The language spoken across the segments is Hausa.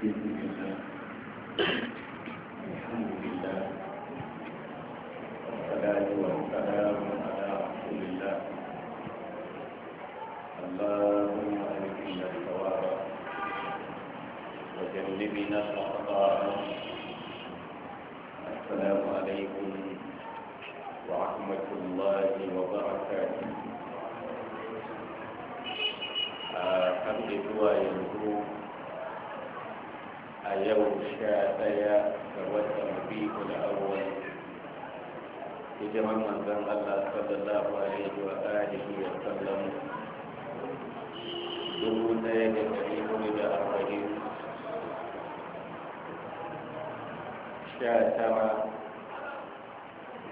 بسم الله الحمد لله والصلاة والسلام على رسول الله اللهم ألهمنا الصواب وجنبنا الأخطاء السلام عليكم ورحمة الله وبركاته. Kan itu a yau sha ɗaya ga watan biyu da awwal hijiran manzon Allah sallallahu alaihi wa alihi wa sallam dubu ɗaya da ɗari hudu da arba'in sha tara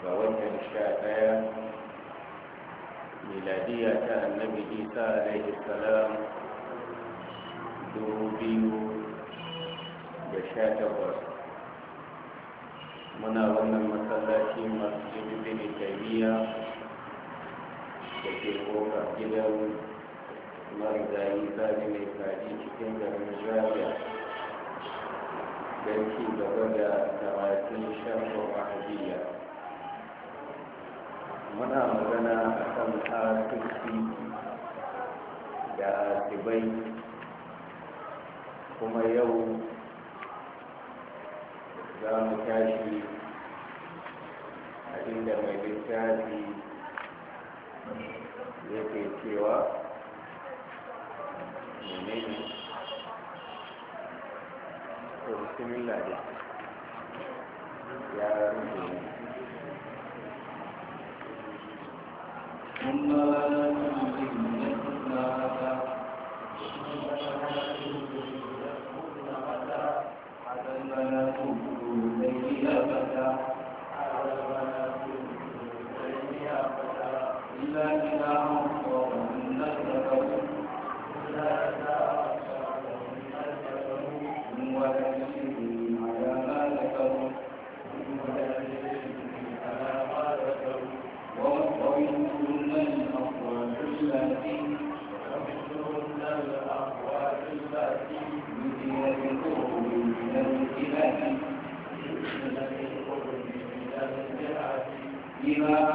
ga watan sha ɗaya miladiya ta annabi isa alaihi salam dubu biyu da sha takwas muna wannan masallaci masu ibn taymiya da ke koka gidan marigayi sani mai kaji cikin garin jami'a don ci gaba da karatun sharhu ahadiyya muna magana a kan asusi da asibai kuma yau za mu tashi abinda mai littafi yake cewa menene to bismillah dai ya rubuta ثم لا تنظر Thank you.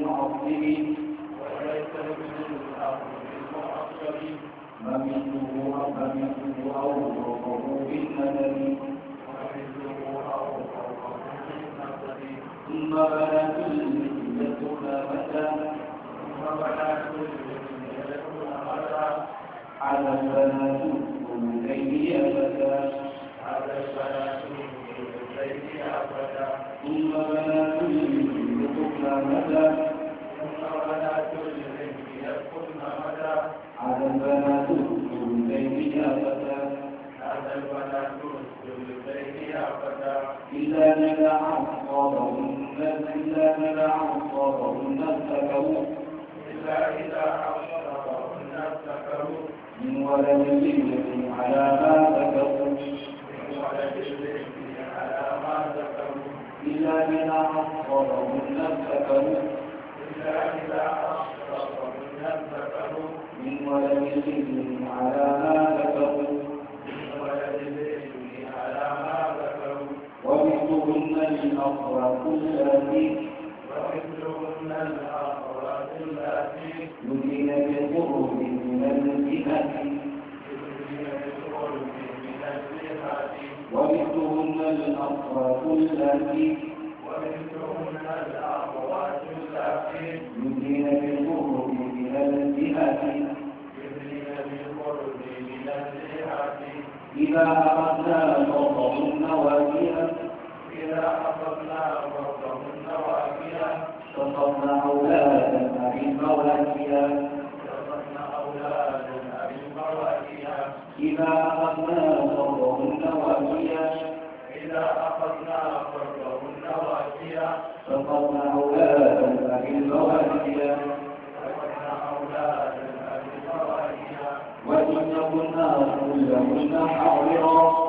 معظم وليس من الأرض بالمعصر فمثله فمثله أو فوقه بالمدد ومثله أو فوقه بالمدد ثم بلا كل مثلتنا متى ثم بلا كل مثلتنا متى على البنات من ليل أبدا على البنات من ليل أبدا ثم بلا كل ما مدى ولا كل ذنب يدخل ما مدى هذا البنات كل ذنب يا فتى هذا البنات كل ذنب يا فتى إلا نبع أصابهن إلا نبع أصابهن اتكوا إلا إذا أصابهن اتكوا من ولد الذي على ما إلا إذا أصرفه النفس فهو من ولد الإذن على ما ذكره من ولد على ما ذكره ومثلهن الأخرى التي ومثلهن الأخرى التي يدين بقرب من الفتنة ورثهن الأقوات التي ورثهن الأقوات التي يدين بالقرب من الجهة يدين بالقرب من الجهة إذا أردنا فرضهن واجبا إذا أردنا فرضهن واجبا شطرنا أولادنا إذا أخذنا فرضهن واجيا إذا أخذنا فرضهن واجيا فقرنا أولادا وإن كنا كلهن حاضرا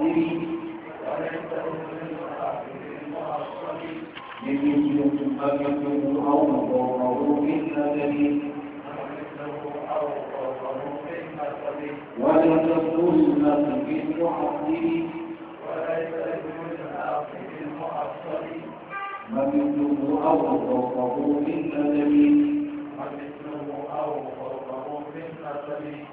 المصبرين وليس من الكافرين والصليب لمثلكم فمثله أو فوقه من دليل ولا تكن في المعطلين وليس للآخر المعطل مثله أو فوقه من دليل مثله أو فوقه من دليل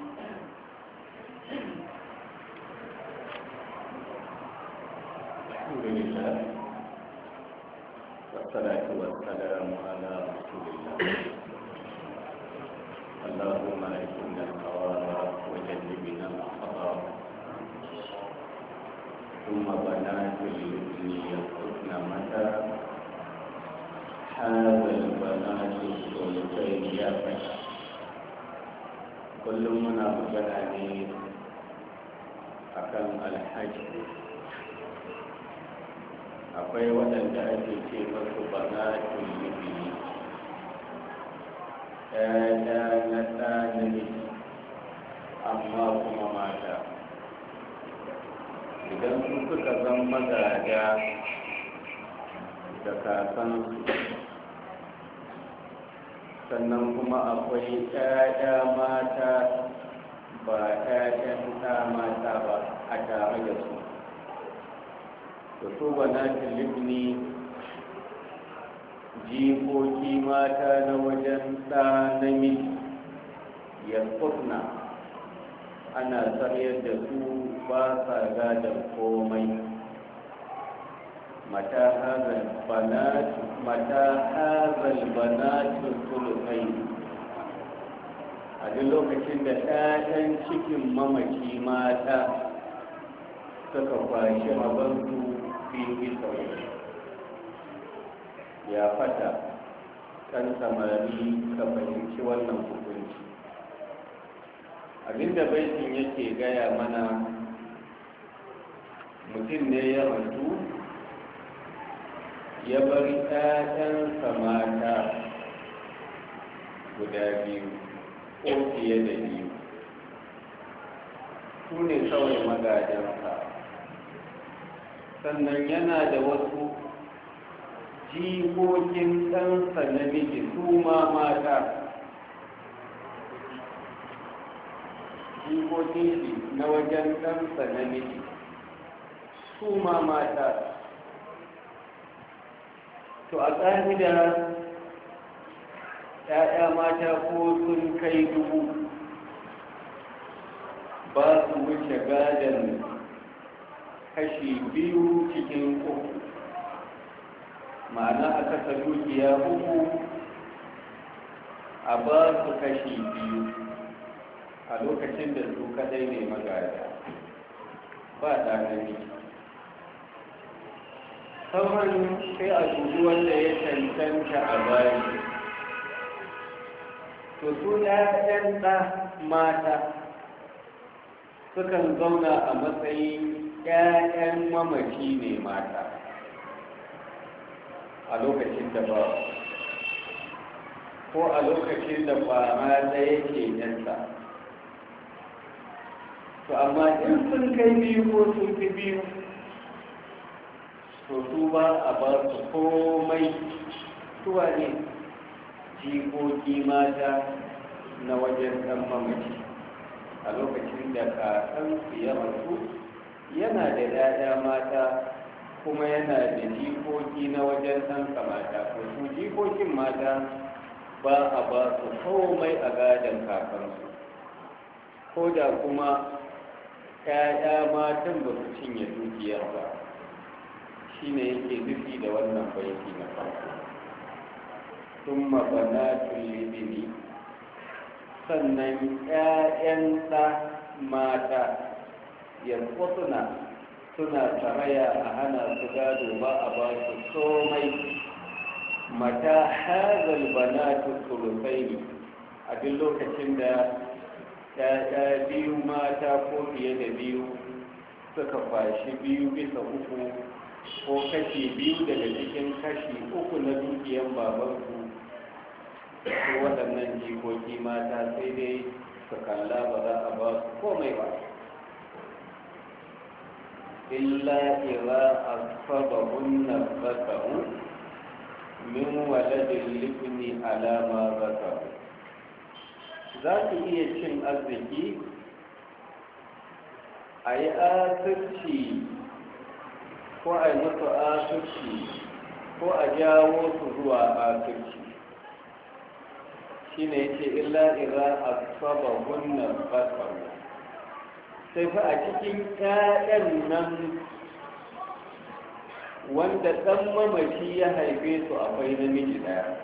الحمد لله والصلاة والسلام على رسول الله اللهم اجعلنا القرار وجنبنا الخطأ ثم بنات الذين يسكن متى هذا البنات الثلثين يا فتى كل منا بغنى akan alhaji akwai waɗanda ake ce masu ba bana tulibili ɗaya na ɗa amma kuma mata idan su suka zan magada da kasan sannan kuma akwai ɗaya mata ba ɗaya ta mata ba a tare da su tuba na tilibni jikoki mata na wajen ɗa namiji yankutna ana tsayar da su ba sa gadon komai mata hazal banatu tulukai a duk lokacin da ɗayan cikin mamaki mata suka kwashe mabansu ya fata kan samari ka fahimci wannan hukunci abinda baitin yake gaya mana mutum ne ya mutu ya bar 'ya'yansa mata guda biyu ko fiye da biyu su ne kawai magajensa sannan yana da wasu jikokin ɗansa namiji su ma mata jikokin shi na wajen ɗansa namiji su ma mata to a ƙa'ida ‘ya'ya mata ko sun kai dubu ba su wuce gadon kashi biyu cikin uku ma'ana a kasa dukiya uku a ba su kashi biyu a lokacin da su kadai ne magaya ba ɗanami sauran sai a dubi wanda ya cancanta a bayan to su ɗayan ɗa mata sukan zauna a matsayin mamaki ne mata a lokacin da ba ko a lokacin da kwara da yake yanta to amma in sun kai biyu ko sun fi biyu to su ba a ba su komai tuwa ne jikoki mata na wajen ɗan mamaci a lokacin da su ya rasu yana da ‘ya'ya mata kuma yana da jikoki na wajen ɗansa mata su jikokin mata ba a ba su komai a gadon kakansu ko da kuma ‘ya'ya matan ba su cinye dukiyar ba shi ne yake nufi da wannan baiki na farko sun mabana tulibini sannan ‘ya'yan mata yanzu suna suna tsaraya a hana su gado ba a ba su komai mata hazal banatu ne a duk lokacin da ta biyu mata ko fiye da biyu suka fashi biyu bisa uku ko kashi biyu daga cikin kashi uku na dukiyan babansu ko waɗannan jikoki mata sai dai su kalla ba za a ba komai ba illa ila asfaba hunna bakaru min waladin lifni alama bakaru za ku iya cin arziki Ayi yi asirci ko a yi mutu asirci ko a jawo su zuwa asirci shi ne ce illa ila asfaba hunna bakaru sai fa a cikin 'ya'yan nan wanda ɗan mamaci ya haife su akwai namiji ɗaya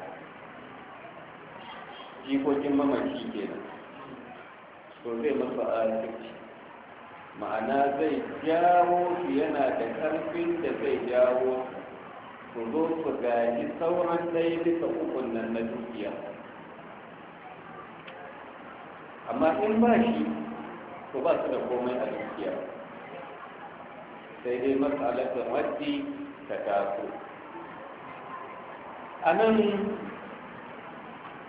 jikokin mamaci kenan so zai masu arziki ma'ana zai jawo su yana da ƙarfin da zai jawo su zo su gaji sauran ɗaya bisa ukun nan na dukiya amma in ba shi to ba su da komai a dukiya sai dai matsalatin waddi ta taso a nan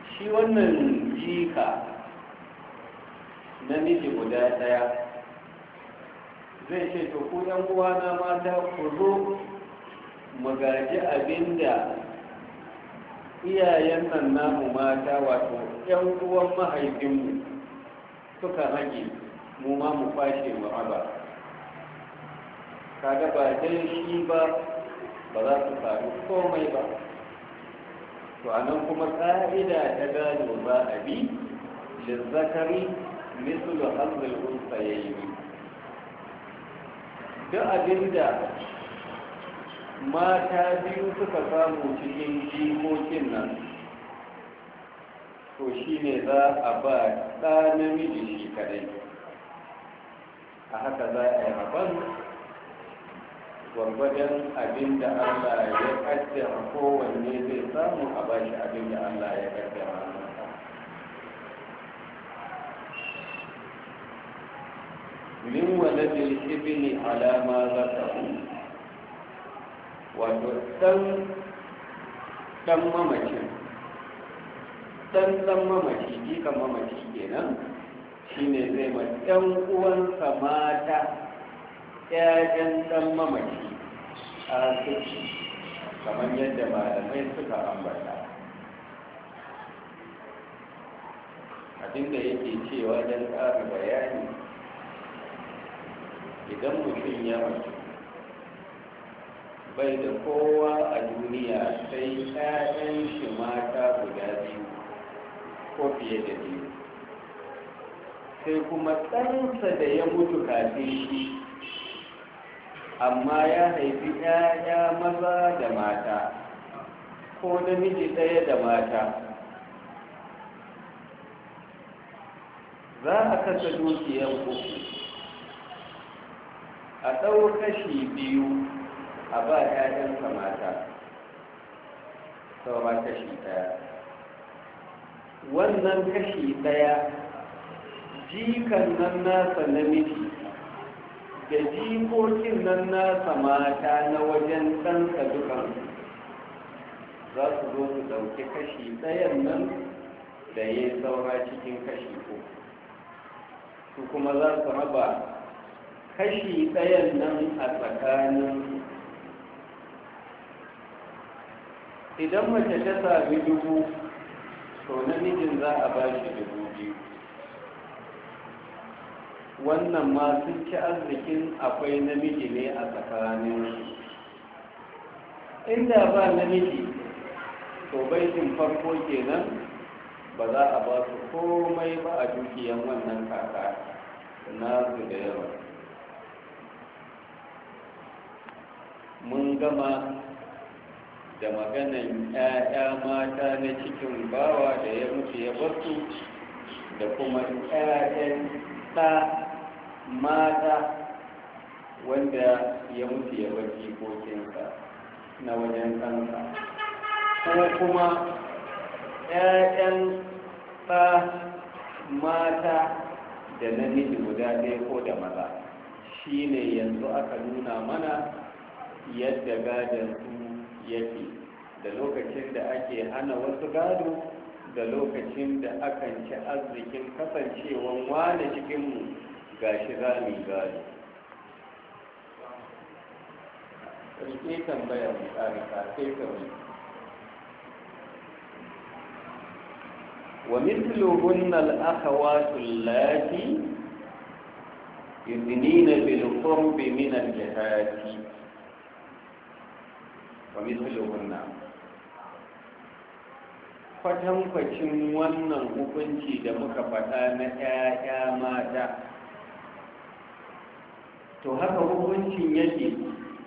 shi wannan jika namiji guda ɗaya zai ce to ku ɗan uwana mata ku zo mu gaji abinda iyayen nan namu mata wato 'yan uwan mahaifinmu suka rage mu ma mu kwashe mu kaga ba dai shi ba ba za su faru komai ba to a nan kuma ƙa'ida ta gano za a bi lizzakari mislu hazil unsayayi duk abinda mata biyu suka samu cikin jikokin nan to shi ne za a ba ɗa namiji shi kadai a haka za a yi rabon gwargwadon abin da allah ya kaddara kowanne zai samu a bashi abin da allah ya kaddara min da waladin ne alama za hu wato ɗan ɗan mamacin ɗan ɗan mamaci jikan mamaci kenan shine zai ma ɗan uwansa mata ƴaƴan ɗan mamaki a suci kamar yadda malamai suka ambata abinda yake cewa don ƙara bayani idan mutum ya mutu bai da kowa a duniya sai 'ya'yan shi mata guda biyu ko fiye da biyu sai kuma ɗansa da ya mutu kafin shi amma ya haifi ‘ya'ya maza da mata ko namiji ɗaya da mata za a kasa dukiyar uku a ɗau kashi biyu a ba ‘ya'yansa mata ma kashi ɗaya wannan kashi ɗaya jikan nan nasa namiji da jikokin nan nasa mata na wajen ɗansa dukan za su zo su ɗauki kashi ɗayan nan da ya saura cikin kashi ko su kuma za su raba kashi ɗayan nan a tsakanin idan mace ta sami dubu to namijin za a ba shi dubu biyu wannan ma sun arzikin akwai namiji ne a tsakanin inda ba namiji to baitin farko kenan ba za a ba su komai ba a dukiyan wannan kaka na su da yawa mun gama da maganan 'ya'ya mata na cikin bawa da ya mutu ya basu da kuma 'ya'yan ɗa mata wanda ya mutu ya bar jikokinsa na wajen kansa ko kuma 'ya'yan ta mata da namiji guda ɗaya ko da maza shi ne yanzu aka nuna mana yadda gadon su yake da lokacin da ake hana wasu gado da lokacin da akan ci arzikin kasancewan wane cikinmu gashi rami gari rike tambaya mai tsari a kai kawai wa mithluhunna al-akhawatu allati yudnina bil qurbi min al-jihati wa mithluhunna kwatankwacin wannan hukunci da muka faɗa na 'ya'ya mata to haka hukuncin yake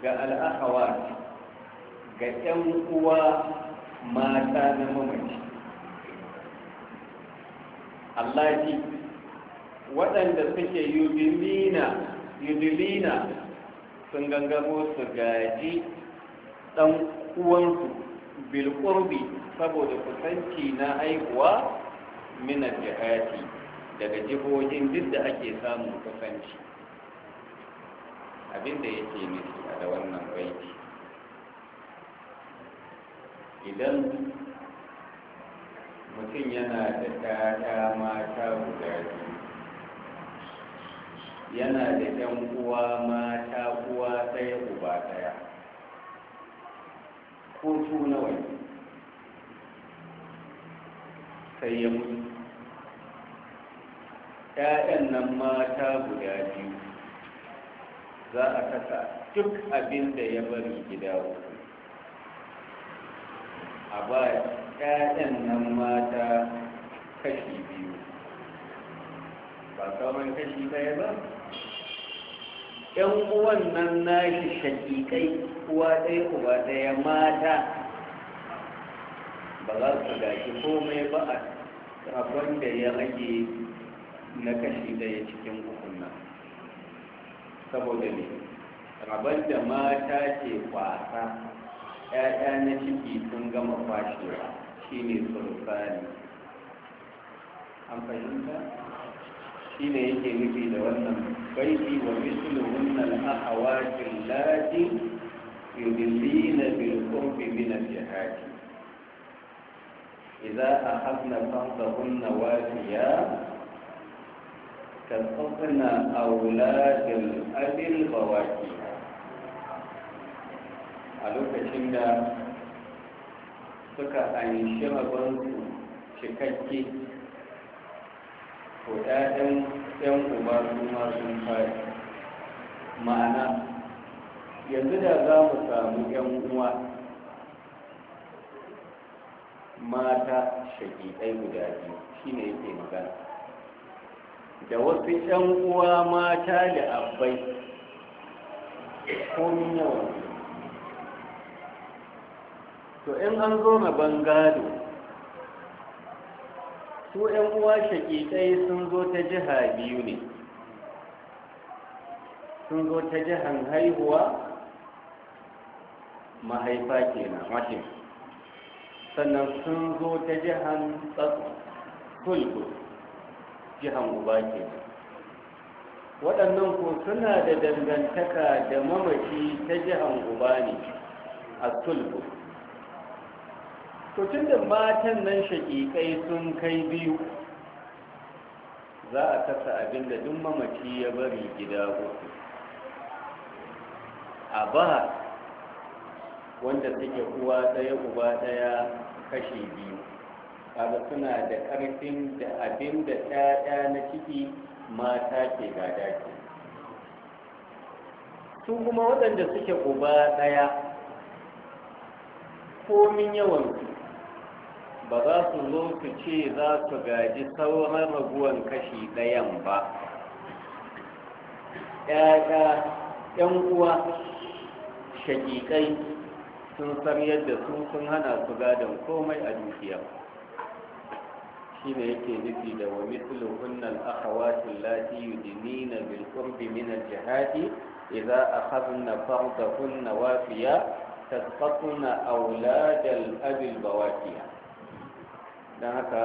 ga al'akawa ga 'yan uwa mata na mamaci Allah ji waɗanda suke yudilina sun gangamo su gaji ɗan uwansu bilkurbi saboda kusanci na aikuwa minar jihati daga jihohin duk da ake samun kusanci abinda yake nufi a da wannan baiti idan mutum yana da ɗaya mata guda biyu yana da ɗan uwa mata uwa ɗaya uba ɗaya ko su nawa ne sai ya mutu ‘ya'yan nan mata guda biyu za a kasa duk abin da ya bari gida uku a ba ƴaƴan nan mata kashi biyu ba sauran kashi ɗaya ba ƴan uwan nan nashi shakikai uwa ɗaya uba ɗaya mata ba za su gashi komai ba a abin da ya rage na kashi ɗaya cikin uku saboda ne rabar da mata ke kwasa ‘ya'ya na ciki sun gama kwashewa shi ne sulfani an fahimta shi ne yake nufi da wannan baiti wa misluhun al'ahawatin lati yudillina bil qurbi min al-jihad idza akhadna fardahunna wafiya تلقفنا أولاد الأب البواكي a lokacin da suka anshi rabansu cikakke ko ɗaɗin ɗan uba kuma sun fari ma'ana yanzu da za mu samu ‘yan uwa mata shaƙiƙai guda biyu shine yake magana da wasu ‘yan uwa mata da abai komin yawa to in an zo na bangado su ‘yan uwa shaƙiƙai sun zo ta jiha biyu ne sun zo ta jihan haihuwa mahaifa ke mashin sannan sun zo ta jihan tsakon kulkul jihan uba ke waɗannan ko suna da dangantaka da mamaci ta jihan uba ne a tulbu tun da matan nan shaƙiƙai sun kai biyu za a kasa abin da duk mamaci ya bari gida gudu. a ba wanda suke uwa ɗaya uba ɗaya kashi biyu kaga suna da ƙarfin da abin da ɗaya na ciki mata ke gada ke su kuma waɗanda suke uba ɗaya komin su ba za su zo su ce za su gaji sauran raguwan kashi ɗayan ba ‘ya'ya ‘yan uwa shaƙiƙai sun san yadda su sun hana su gadon komai a dukiyar shine yake nufi da wa mithlu hunnal akhawati allati yudinina bil qurbi min al jihadi idza akhadna fardahunna wafiya tasqatuna awlad al abi al bawaqiya dan haka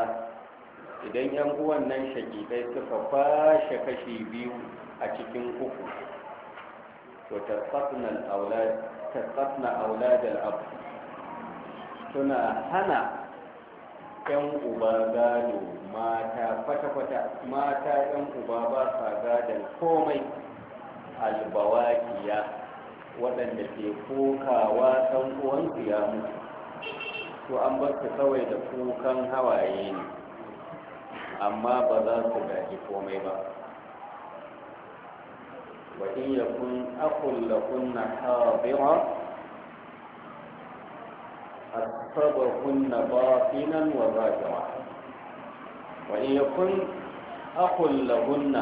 idan yan uwan nan shakikai suka fashe kashi biyu a cikin uku to tasqatna al awlad tasqatna awlad al ab suna hana yan uba gado mata kwata-kwata mata yan uba ba sa gadon komai albawakiya waɗanda ke kokawa ɗan uwansu ya mutu to an bar su kawai da kukan hawaye ne amma ba za su gaji komai ba wa in ya akwai aqul lakunna hadira أصابهن باطنا وراجعا وإن يكن أخ لهن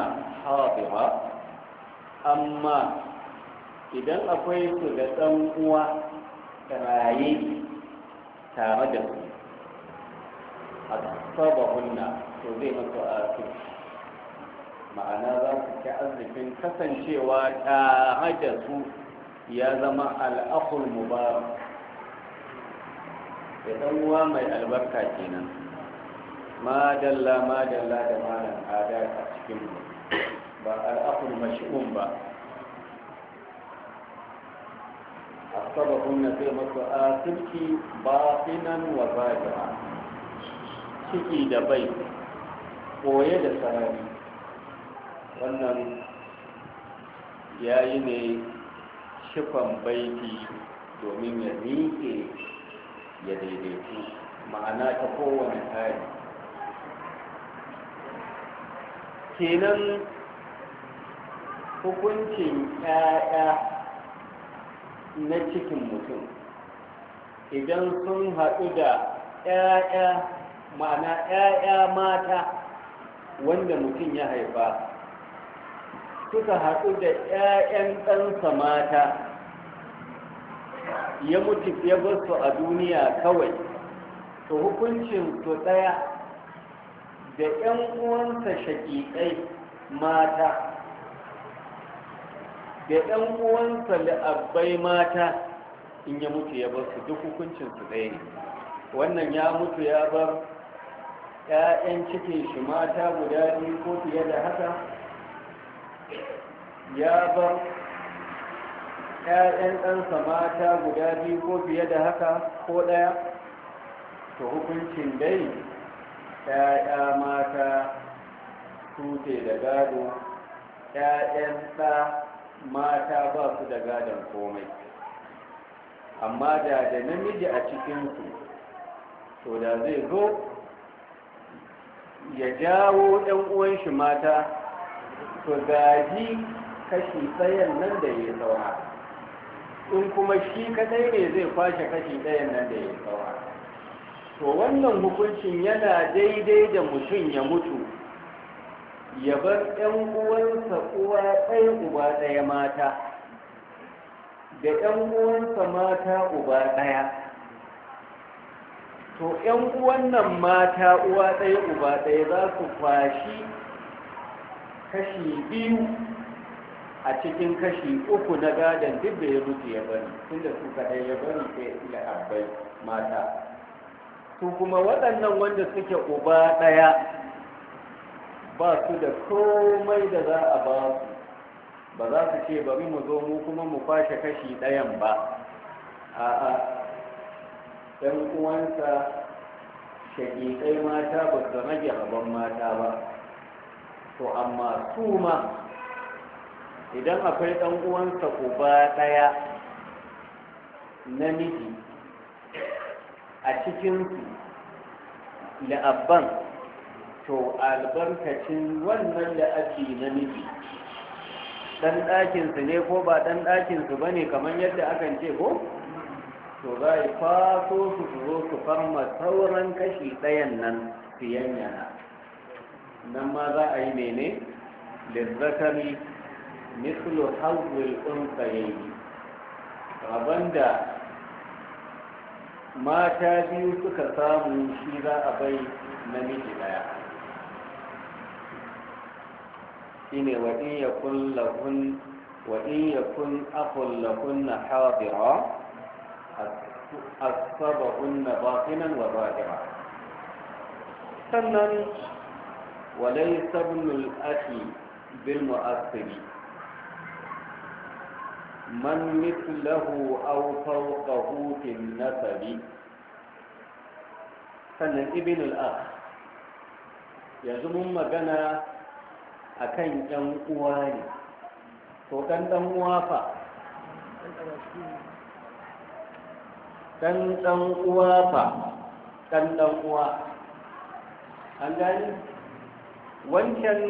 حاضرا أما إذا ɗan uwa raye tare da su a sababunna to zai masu a ma'ana za su ci arzikin kasancewa tare da su ya zama al'akul mubarak da mai albarka kenan madalla madalla da malam ada a cikin ba al'akul mashi'un ba asabahun na zai masu ba finan wa zajira ciki da bai koye da sarari wannan yayi ne shifan baiti domin ya miƙe ya daidaitu ma'ana ta kowane tsari kenan hukuncin ƴaƴa na cikin mutum idan sun haɗu da ƴaƴa ma'ana ƴaƴa mata wanda mutum ya haifa suka haɗu da ƴaƴan ɗansa mata ya mutu ya bar su a duniya kawai to hukuncin su daya da 'yan uwansa shaƙiƙai mata da 'yan uwansa la'abbai mata in ya mutu ya bar su duk hukuncin su ɗaya ne wannan ya mutu ya bar 'ya'yan cike shi mata guda biyu ko fiye da haka ya bar ‘ya'yan ɗansa mata guda biyu ko fiye da haka ko ɗaya to hukuncin dai ‘ya'ya mata tute da gado ‘ya'yan ɗa mata ba su da gadon komai amma da da namiji a cikinsu to da zai zo ya jawo ɗan uwan shi mata su gaji kashi tsayen nan da ya zauna. in kuma shi kadai ne zai kwashe kashi ɗaya nan da ya tsawa to wannan hukuncin yana daidai da mutum ya mutu ya bar ɗan uwansa uwa ɗaya uba ɗaya mata da ɗan uwansa mata uba ɗaya to ‘yan uwannan mata uwa ɗaya uba ɗaya za su kwashi kashi biyu a cikin kashi uku na gadon duk da ya mutu ya bari da su kadai ya bari sai ya abbai mata su kuma waɗannan wanda suke uba ɗaya ba su da komai da za a ba su ba za su ce bari mu zo mu kuma mu kwashe kashi ɗayan ba a'a ɗan uwansa shaƙiƙai mata ba su rage rabon mata ba to amma su ma idan akwai ɗan uwansa uba ɗaya namiji a cikinsu la'abban to albarkacin wannan la'abi namiji ɗan ɗakinsu ne ko ba ɗan ɗakinsu ba ne kamar yadda akan ce ko to za a yi faso su zo su farma sauran kashi ɗayan nan su yanyana nan ma za a yi mene zakari مثل حظ الأنثيين غبندا ما تابي تكتام مشيرا أبي نميت لها إن وإن يكن لهن وإن يكن أخ لهن حاضرا أصابهن باطنا وظاهرا سنن وليس ابن الأخي بالمؤثر man mislahu aw fawqahu fil nasabi sannan ibn al-akh yanzu mun magana akan ɗan uwa ne to ɗan uwa fa ɗan uwa fa ɗan uwa an gani wancan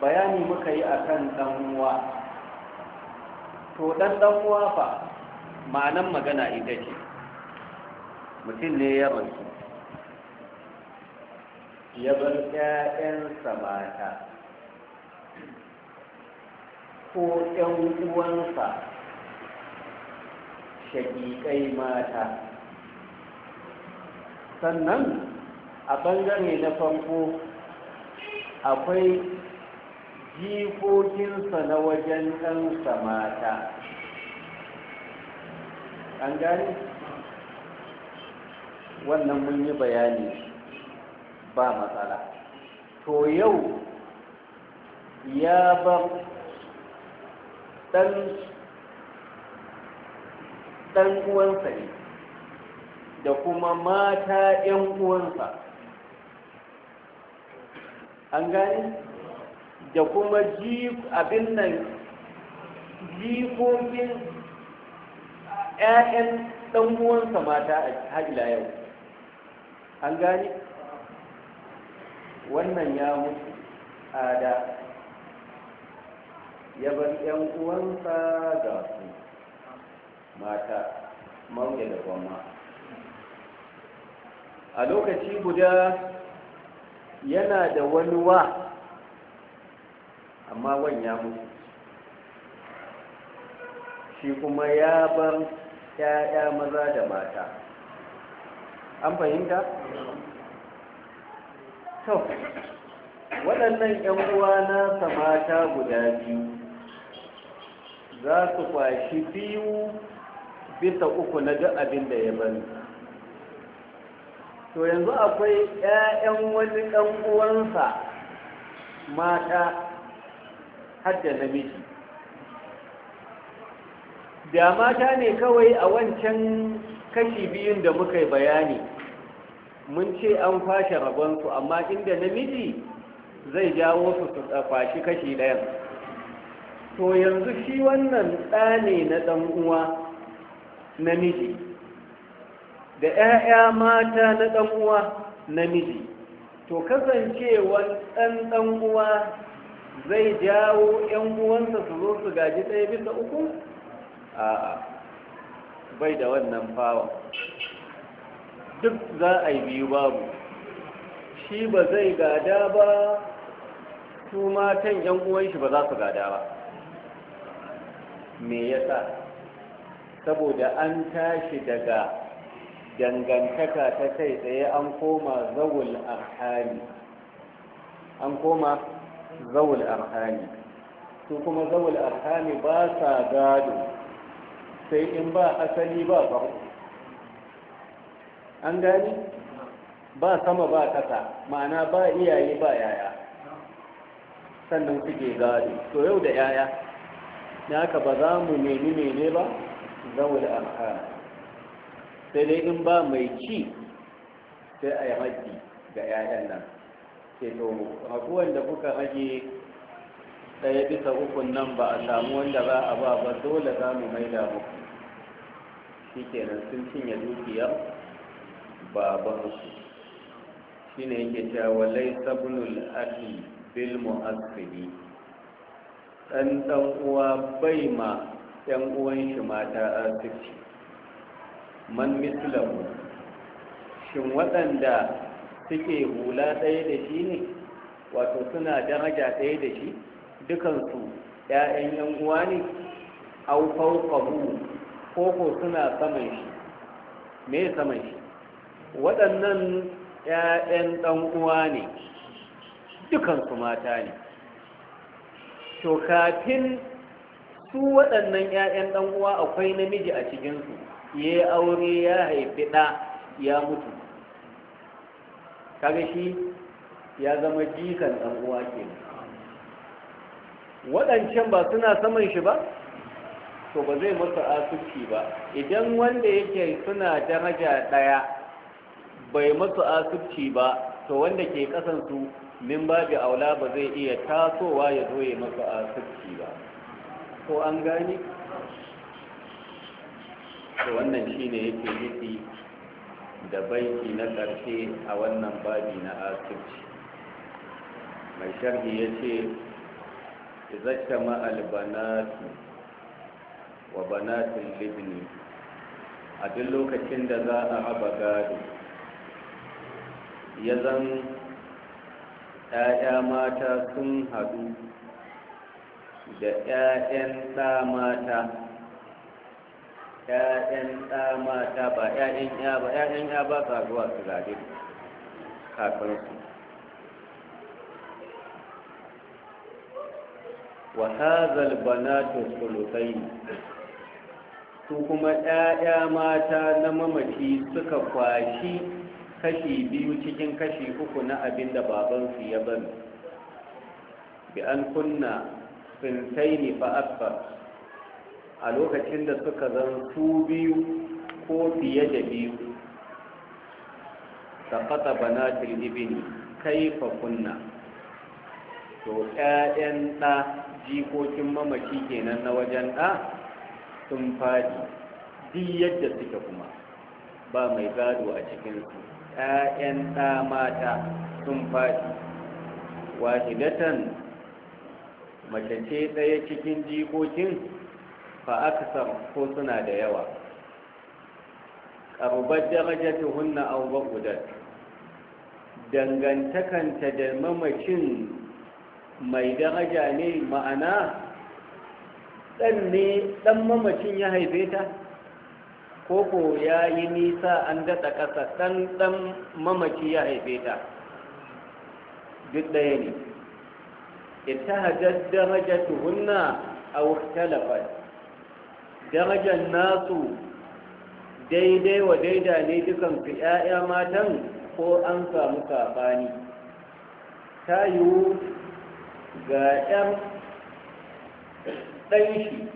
bayani muka yi akan ɗan uwa to dan dan uwa fa ma'anan magana ita ce mutum ne ya rasu ya bar ƴaƴansa mata ko ƴan uwansa shaƙiƙai mata sannan a ɓangare na farko akwai jikokinsa na wajen ɗansa mata an gani wannan mun yi bayani ba matsala to yau ya ba ɗan uwansa ne da kuma mata ‘yan uwansa an gani da kuma abin nan jikokin 'ya'yan ɗan'uwansa mata a haila yau an gani wannan ya mutu a ya bar 'yan uwansa ga su mata mauye da gwamma a lokaci guda yana da wani wa amma wan ya mutu shi kuma ya bar ya'ya maza da mata an fahimta? to waɗannan 'yan uwa nasa mata guda biyu za su kwashi biyu bisa uku na duk abin da ya bari to yanzu akwai 'ya'yan wani ɗan uwansa mata hadda namiji da mata ne kawai a wancan kashi biyun da muka bayani mun ce an kwashe rabonsu amma inda namiji zai jawo su su kwashi kashi ɗayan to yanzu shi wannan tsane na ɗan na namiji da 'ya'ya mata na ɗan na namiji to kasancewan ɗan ɗan ɗan'uwa zai jawo 'yan uwansa su zo su gaji ɗaya bisa uku a'a bai da wannan fawa duk za a yi biyu babu shi ba zai gada ba su matan 'yan uwanshi shi ba za su gada ba me ya sa saboda an tashi daga dangantaka ta kai tsaye an koma zawul arhami an koma zawul arhami su kuma zawul arhami ba sa gado sai in ba asali ba farko an gani ba sama ba kasa ma'ana ba iyaye ba yaya sannan suke gado to yau da yaya na haka ba za mu nemi mene ba zawul arham sai dai in ba mai ci sai a yi haddi ga yayan nan ke hakuwan da kuka haji ɗaya bisa ukun nan ba a samu wanda za a ba ba dole za mu mai da muku shi kenan sun cinye dukiya ba ba musu shi ne yake cewa walai sabunul aki bil ɗan ɗan uwa bai ma ɗan uwan shi mata asibiti man mislamu shin waɗanda suke hula ɗaya da shi ne wato suna daraja ɗaya da shi dukansu ‘ya'yan yan uwa ne au fauqahu koko suna saman shi me saman shi waɗannan ‘ya'yan ɗan uwa ne dukansu mata ne to kafin su waɗannan ‘ya'yan ɗan uwa akwai namiji a cikinsu ya aure ya haifi ɗa ya mutu kaga shi ya zama jikan ɗan uwa kenan waɗancan ba suna saman shi ba to ba zai masa asubci ba idan wanda yake suna daraja ɗaya bai masu asubci ba to wanda ke kasansu min babu aula ba zai iya tasowa ya zo ya masu ba ko an gani to wannan shine yake nufi da baiki na ƙarshe a wannan babi na asirci mai sharhi ya ce izakta ma'albanatu wa banatun libni a duk lokacin da za a haba gado ya zan ‘ya'ya mata sun haɗu da ‘ya'yan ɗa mata’ ƴaƴan ɗa mata ba ƴaƴan ya ba ƴaƴan ya ba sa zuwa su gade kakansu wa hazal To su kuma ƴaƴa mata na mamaci suka kwashi kashi biyu cikin kashi uku na abin da babansu ya bani. bi an kunna fintaini fa a lokacin da suka zan su biyu ko fiye da biyu sakata bana tilibini kaifa kunna to ƴaƴan ɗa jikokin mamaki kenan na wajen ɗa sun faɗi duk yadda suke kuma ba mai gado a cikinsu ƴaƴan ɗa mata sun faɗi wahidatan mace ce ɗaya cikin jikokin fa aksar ko suna da yawa qarubat hunna aw baqudat dangantakanta da mamacin mai daraja ne ma'ana dan ne dan mamacin ya haife ta koko ya yi nisa an daɗa ƙasa ɗan ɗan mamaci ya haife ta duk ɗaya ne ita hajjar daraja tuhunna a wuce darajar nasu daidai wa daida ne dukansu 'ya'ya matan ko an samu saɓani ta yiwu ga 'yan shi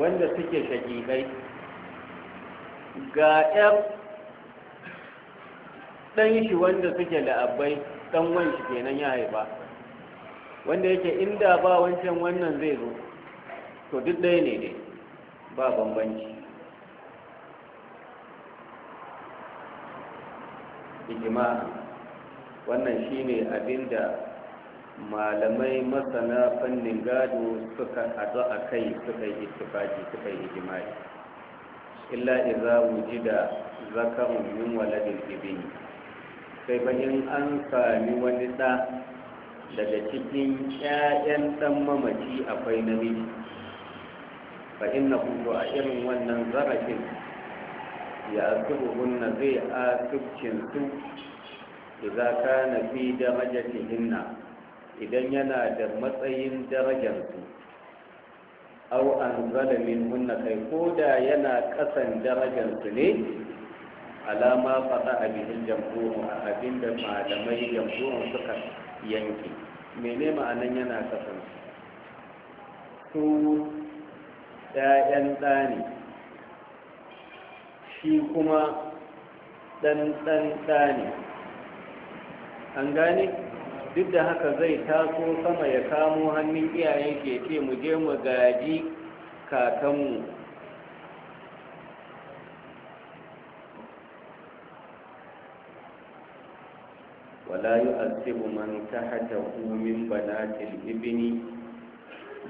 wanda suke shagigai ga 'yan shi wanda suke la'abbai ɗan wanshi kenan ya haifa wanda yake inda ba wancan wannan zai zo to duk ɗaya ne dai ba bambanci ijima wannan shine abinda malamai masana fannin gado suka hadu a kai suka yi tufaji suka yi ijimai illa iza wujida zakarun min waladin ibin sai bayan an sami wani da daga cikin 'ya'yan ɗan mamaci akwai namiji fa inna hudu a irin wannan zarafin ya hunna zai asubcin su idan na fi darajatihinna idan yana da matsayin darajarsu au an zala hunna kai ko da yana kasan darajarsu ne alama fata abin jamhuru a abin da malamai jamhurun suka yanki mene ma'anan yana kasan su ‘ya'yan ɗa ne shi kuma ɗanɗan ɗa ne an gane duk da haka zai taso sama ya kamo hannun iyayen ke ce mu je mu gaji kakanmu wala yi asibu man ta hata min banatil ibini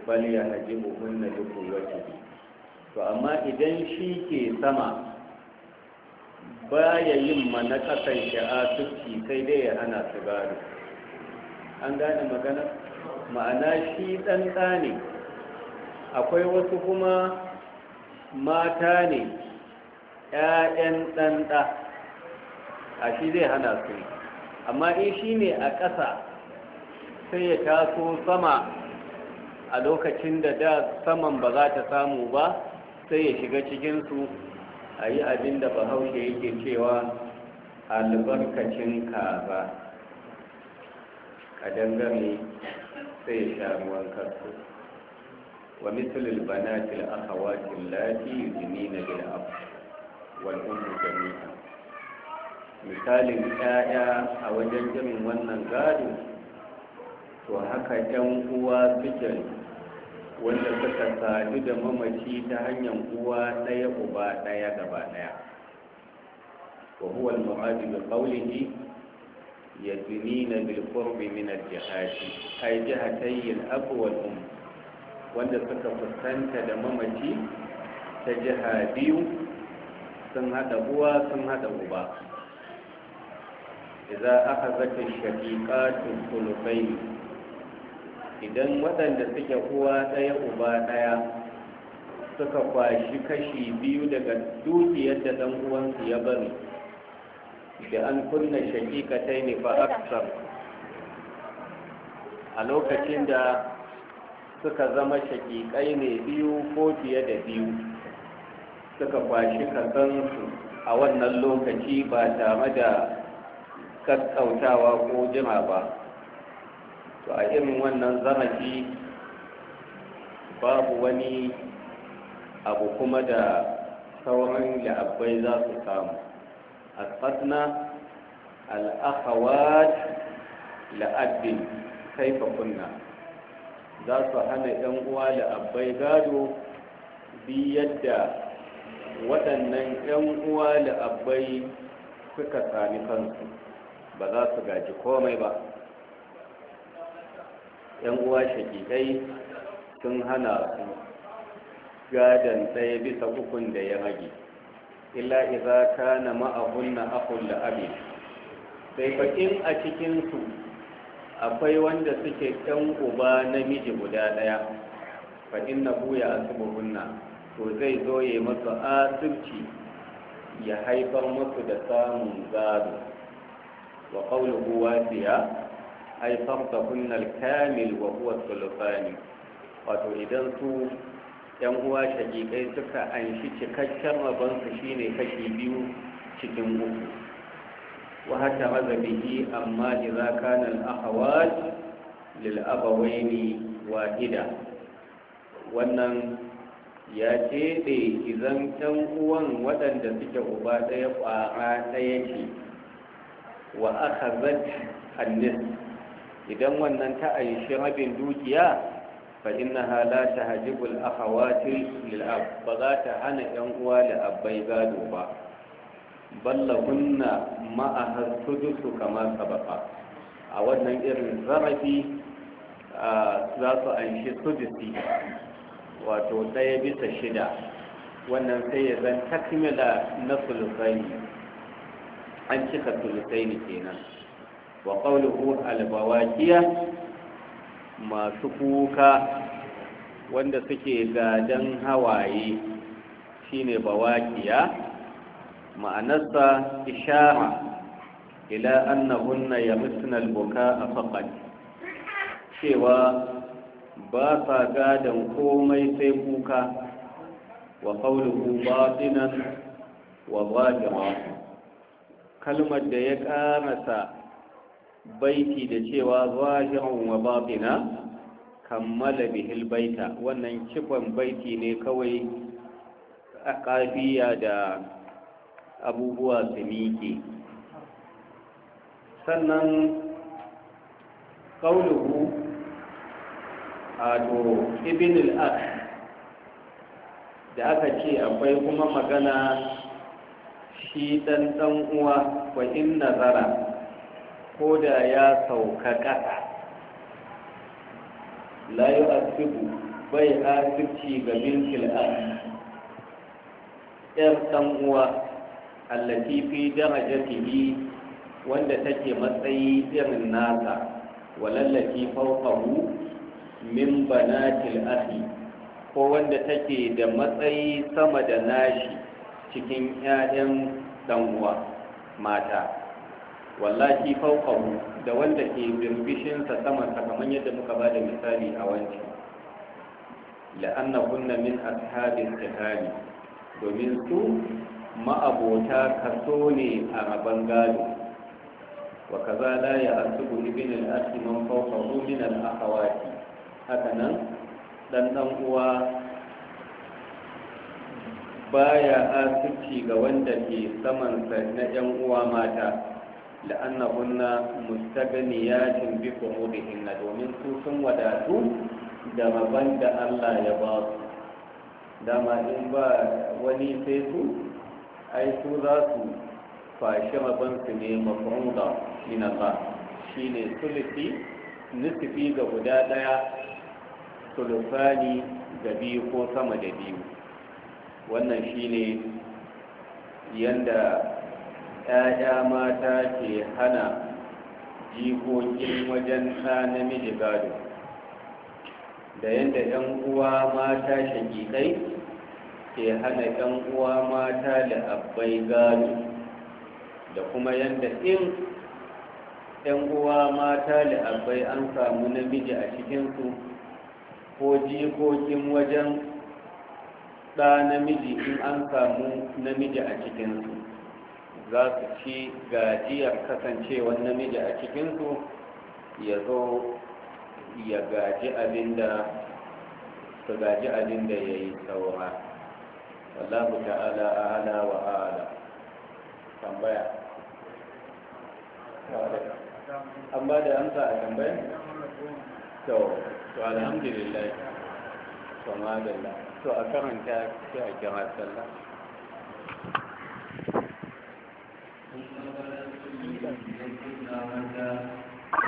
bal ya hajibu hunna bi to amma idan shi ke sama baya yin mana kasan sha'atuki sai dai ya hana su gari an gane magana ma'ana shi ɗanɗa ne akwai wasu kuma mata ne ‘ya'yan ɗanɗa a shi zai hana su amma in shi ne a ƙasa sai ya taso sama a lokacin da da saman ba za ta samu ba sai ya shiga cikinsu a yi abin da bahaushe yake cewa albarkacin kaza a dangane sai ya sha ruwan karsu wa misalil banatil akhawatil lati yudnina na af wal ummu jami'a misalin ɗaya a wajen jamin wannan gado to haka ɗan uwa suke wanda suka sadu da mamaci ta hanyar uwa ɗaya uba ɗaya gaba ɗaya wa huwa al-mu'adi bi qawlihi yazinina bil qurbi min al-jihati ay jihatay al-ab wal umm wanda suka fuskanta da mamaci ta jiha biyu sun hada uwa sun hada uba idza akhadhat al shaqiqatu al-qulbayn idan waɗanda suke kowa ɗaya uba ɗaya suka kwashi kashi biyu daga dukiyar da ɗan uwansu ya bari da an kunna shakikatai ne fa a lokacin da suka zama shakikai ne biyu ko fiye da biyu suka kwashi kasansu a wannan lokaci ba tare da kakkautawa ko jima ba to a irin wannan zarafi babu wani abu kuma da sauran la'abbai za su samu asfatna al'akawat la'abbin kaifa kunna za su hana yan uwa la'abbai gado bi yadda waɗannan yan uwa la'abbai suka sami kansu ba za su gaji komai ba yan uwa shakikai sun hana su gadon ɗaya bisa ukun da ya rage illa iza kana na akun da abin sai faƙin a cikinsu akwai wanda suke ɗan uba namiji guda ɗaya faɗin na buya a subuhunna to zai zo ya masu asirci ya haifar masu da samun gado wa ƙaunar buwa siya ai samta kunnal kamil wa huwa sulfani wato idan su yan uwa shaƙiƙai suka anshi cikakken su shine kashi biyu cikin uku wa hatta mazabihi amma idza kana al-akhawat lil abawaini wahida wannan ya ce da idan ɗan uwan waɗanda suke uba ɗaya ƙwara ɗaya ce wa aka zat idan wannan ta aishi rabin dukiya fa innaha la tahjibul akhawati lil ba za ta hana yan uwa da abbai gado ba ballahunna tudu su kama sababa. a wannan irin zarafi za su anshi sudusi wato ɗaya bisa shida wannan sai ya zan takmila na sulusai an cika sulusai ne kenan wa qawluhu albawakiya masu kuka wanda suke gadan hawaye shine bawakiya ma'anarsa ishara ila annahunna yamsuna albuka faqat cewa ba sa gadan komai sai kuka wa qawluhu batinan wa zahira kalmar da ya karasa baiti da cewa zahiran wa batina kammala bihil baita wannan kifan baiti ne kawai a ƙafiya da abubuwa su miƙe sannan ƙaunuhu a to ibn al'ad da aka ce akwai kuma magana shi ɗan ɗanuwa uwa wa in nazara ko da ya sauka ƙasa la yi asibu bai asibci ga milkin an ɗan ɗan uwa allafi fi darajatihi wanda take matsayi irin nasa walallafi fauƙahu min banatil tilafi ko wanda take da matsayi sama da nashi cikin 'ya'yan ɗan uwa mata wallahi fawqahu da wanda ke birbishin sa saman kamar yadda muka ba da misali a wanci na min ashabin jahali domin su ma'abota kaso ne a rabon gado wa kaza la ya ibn al-akhi man fawqahu min al haka nan dan uwa baya asirci ga wanda ke samansa na 'yan uwa mata la'annahunna mustaghniyatin bi qumudihinna domin su sun wadatu da maban da Allah ya ba su dama in ba wani sai su ai su za su fashe maban su ne mafruda min Allah shine sulusi nisfi ga guda daya sulufani ga biyu ko sama da biyu wannan shine yanda 'ya'ya mata ke hana jikokin wajen ɗa namiji gado da yadda 'yan uwa mata shakikai ke hana 'yan uwa mata da abbai gado da kuma yadda in 'yan uwa mata da abbai an samu namiji a cikinsu ko jikokin wajen ɗa namiji in an samu namiji a cikinsu za su ci gajiyar kasancewar namiji a cikinsu ya zo ya gaji abin da su gaji abin da ya yi saura wallahu ta'ala ala wa ala tambaya an ba da sa a tambaya? to to alhamdulillah to madalla to a karanta sai a kira sallah ثم بلغ